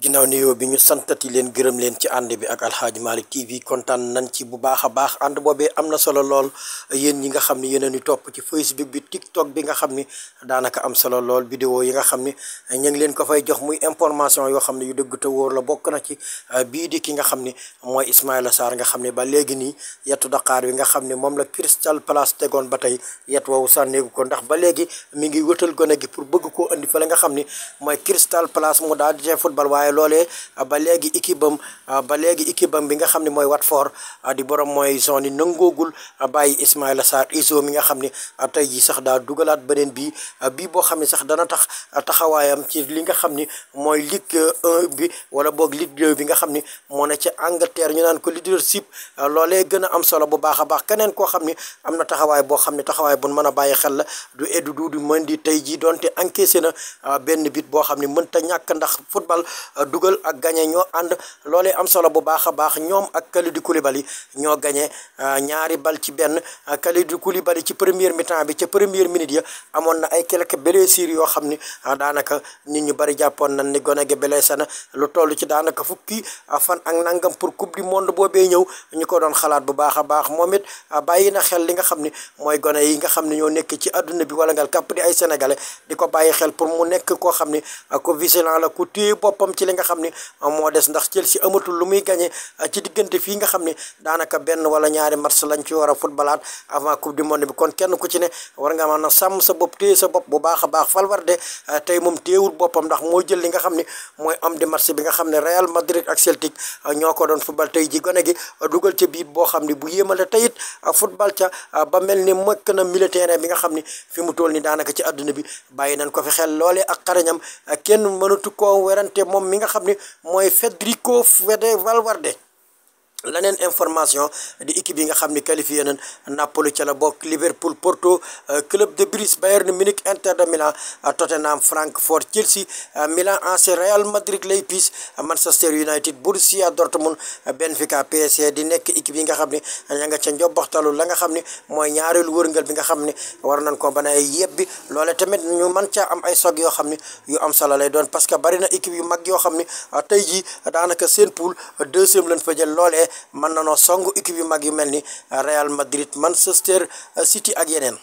ginnaaw ne yow bi ñu santati leen gërëm leen ci ànd bi ak Aladji Malick TV kontaan nañ ci bu baax a baax ànd boobee am na solo lool yéen ñi nga xam ne yéen a topp ci Facebook bi TikTok bi nga xam ni daanaka am solo lool vidéo yi nga xam ni ñu leen ko fay jox muy information yoo xam ne yu dëgg te wóor la bokk na ci euh, bii di ki nga xam ni mooy Ismaïla Sarr nga xam ne ba léegi nii yetu Dakar wi nga xam ne moom la Crystal Palace tegoon ba tey yet woowu sànneegu ko ndax ba léegi mi ngi wëtal gone gi pour bëgg koo andi fa la nga xam ni waaye loolee ah, ba léegi équipe bam ah, ba léegi équipe bi nga xam ne mooy Watford ah, di borom mooy zone yi nangoogul bàyyi Ismaïla Sarr iso mi nga xam ni tey ji sax daa dugalaat beneen bii bii boo xam ne sax dana tax taxawaayam ci li nga xam ni mooy Ligue bi wala boog Ligue bi nga xam ni moo ne ca Angleterre ñu naan ko leadership loolee gën a am solo bu baax a baax keneen koo xam ni am na taxawaay boo xam ne taxawaay boon mën a bàyyi xel la du Edou mën di tey jii donte encaissé na benn bit boo xam ne mënta ñàkk ndax football a dugal a gagné ñoo ànd loolee am solo bu baax a baax ñoom ak Kalidou Koulibaly ñoo gagné euh, ñaari bal ci benn Kalidou Koulibaly ci première mi bi ca première minit ya amoon na ay quelques blessures yoo xam ni euh, daanaka nit ñu bari jàppoon nañ ni gone gi blessé na lu toll ci daanaka fukki euh, fan ak nangam pour coupe du monde boobee ñëw ñu ko doon xalaat bu baax a baax moom it bàyyi na xel li nga xam ni mooy gone yi nga xam ne ñoo nekk ci àdduna bi wala ngal kàpp di ay sénégalais di ko bàyyi xel pour mu nekk koo xam ni ku vigilant la ci li nga xam ne moo des ndax Chelsea amatul lu muy gagné ah, ci diggante fii nga xam ne daanaka benn wala ñaari match lañ ci war a footballaat avant coupe du monde bi kon kenn ku ci ne war nga mën a sàmm sa bopp téye sa bopp bu baax a baax Valverde ah, tey moom téewul boppam ndax moo jël li nga xam ne mooy am di match bi nga xam ne Real Madrid ak Celtic ah, ñoo ko doon football tey ji gone gi dugal ci biit boo xam ne bu yéemale teyit football ca ba mel ni mëkk na milieu terrain bi nga xam ne fi mu toll ni daanaka ci àdduna bi bàyyi nañ ko fi xel loolee ak mi nga xam ne mooy Federico Valverde laneen information di équipe yi nga xam ni qualifié nañ Napoli ca la bokk Liverpool Porto euh, club de Bruges Bayern Munich Inter de Milan euh, Tottenham Francfort Chelsea euh, Milan AC Real Madrid Leipzig Manchester United Borussia mun Benfica PSG di nekk équipe yi nga xam ni ña nga ca njobbaxtalu la nga xam ni mooy ñaareelu wërngël bi nga xam ni war nañ ko bana yebbi loole tamit ñu mën caa am ay sog yoo xam ni yu am solo lay doon parce que bari na équipe yu mag yoo xam ni tey jii daanaka seen pool deuxième lañ fa jël loolee mën na noo song équipe yu mag yi mel ni Real Madrid Manchester City ak yeneen